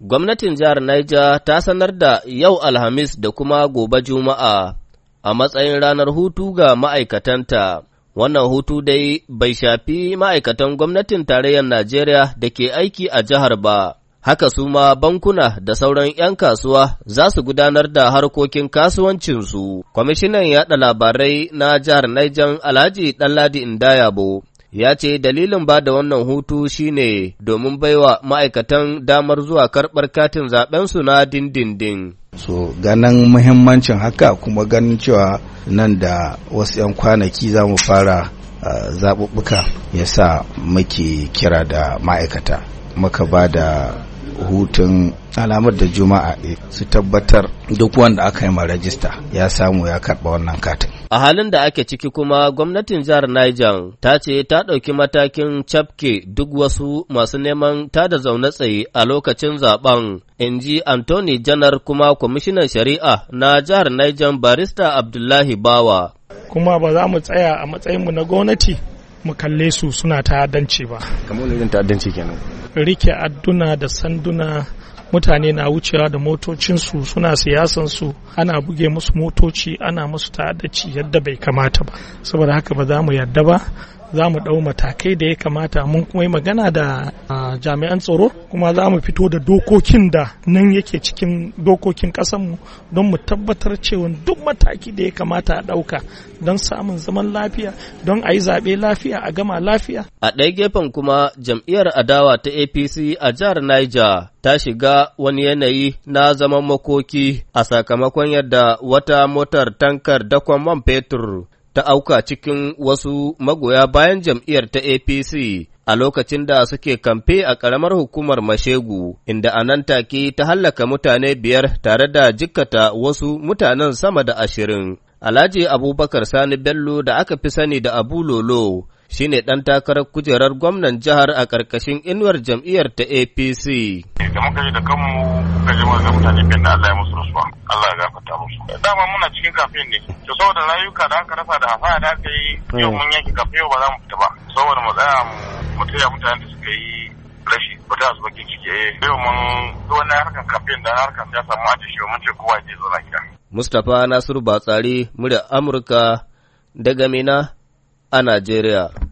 Gwamnatin jihar Niger ta sanar da yau Alhamis da kuma gobe Juma'a a matsayin ranar hutu ga ma'aikatanta. Wannan hutu dai bai shafi ma'aikatan gwamnatin tarayyar Najeriya da ke aiki a jihar ba, haka su ma bankuna da sauran ‘yan kasuwa za su gudanar da harkokin kasuwancinsu. Kwamishinan yaɗa labarai na jihar Niger Alhaji Ɗanladi Indayabo ya ce dalilin ba da wannan hutu shine domin baiwa ma'aikatan damar zuwa karɓar katin zaɓensu na dindindin. so ganin muhimmancin haka kuma ganin cewa nan da wasu 'yan kwanaki za mu fara zaɓuɓɓuka ya sa muke kira da ma'aikata muka ba da hutun alamar da juma'a eh, su tabbatar duk wanda aka yi ma rajista ya samu ya karɓa wannan katin. A halin da ake ciki kuma gwamnatin jihar Niger ta ce ta ɗauki matakin cafke duk wasu masu neman ta da zaune tsaye a lokacin zaben in ji Anthony Janar kuma kwamishinan shari'a na jihar Niger barista Abdullahi Bawa. Kuma ba za mu tsaya a matsayinmu na gwamnati mu kalle su suna ta'addanci ba kamar irin ta'addanci kenan rike adduna da sanduna mutane na wucewa da motocinsu suna siyasan su ana buge musu motoci ana musu ta'addanci yadda bai kamata ba saboda haka ba za mu yadda ba za mu ɗau matakai da ya kamata mun kuma yi magana da jami'an tsaro kuma za mu fito da dokokin da nan yake cikin dokokin ƙasanmu don mu tabbatar cewa duk mataki da ya kamata a ɗauka don samun zaman lafiya don a yi zaɓe lafiya a gama lafiya. A ɗaya gefen kuma jam'iyyar adawa ta APC a jihar Niger ta shiga wani yanayi na zaman makoki a sakamakon yadda wata motar tankar dakon man fetur ta auka cikin wasu magoya bayan jam'iyyar ta APC a lokacin da suke kamfe a ƙaramar hukumar Mashegu, inda a nan take ta hallaka mutane biyar tare da jikkata wasu mutanen sama da ashirin. Alhaji Abubakar Sani Bello da aka fi sani da Abu Lolo shine ɗan takarar kujerar gwamnan jihar a ƙarƙashin inuwar jam'iyyar ta APC. Da muka yi da kanmu muka ji wanda mutane bin da Allah ya musu rasuwa, Allah ya gafarta musu. Dama muna cikin kafin ne, to saboda rayuka da aka rasa da hafa da aka yi hmm. yau mun yanke kafin yau ba za mu fita ba. Saboda mu tsaya mu taya mutane da suka yi rashi ba ta su bakin ciki. Eh, yau mun na harkar kafin da harkar siyasa mu ajiye shi mun ce kowa ya je na gida. Mustapha Nasiru Batsari, murya Amurka daga Mina a Najeriya.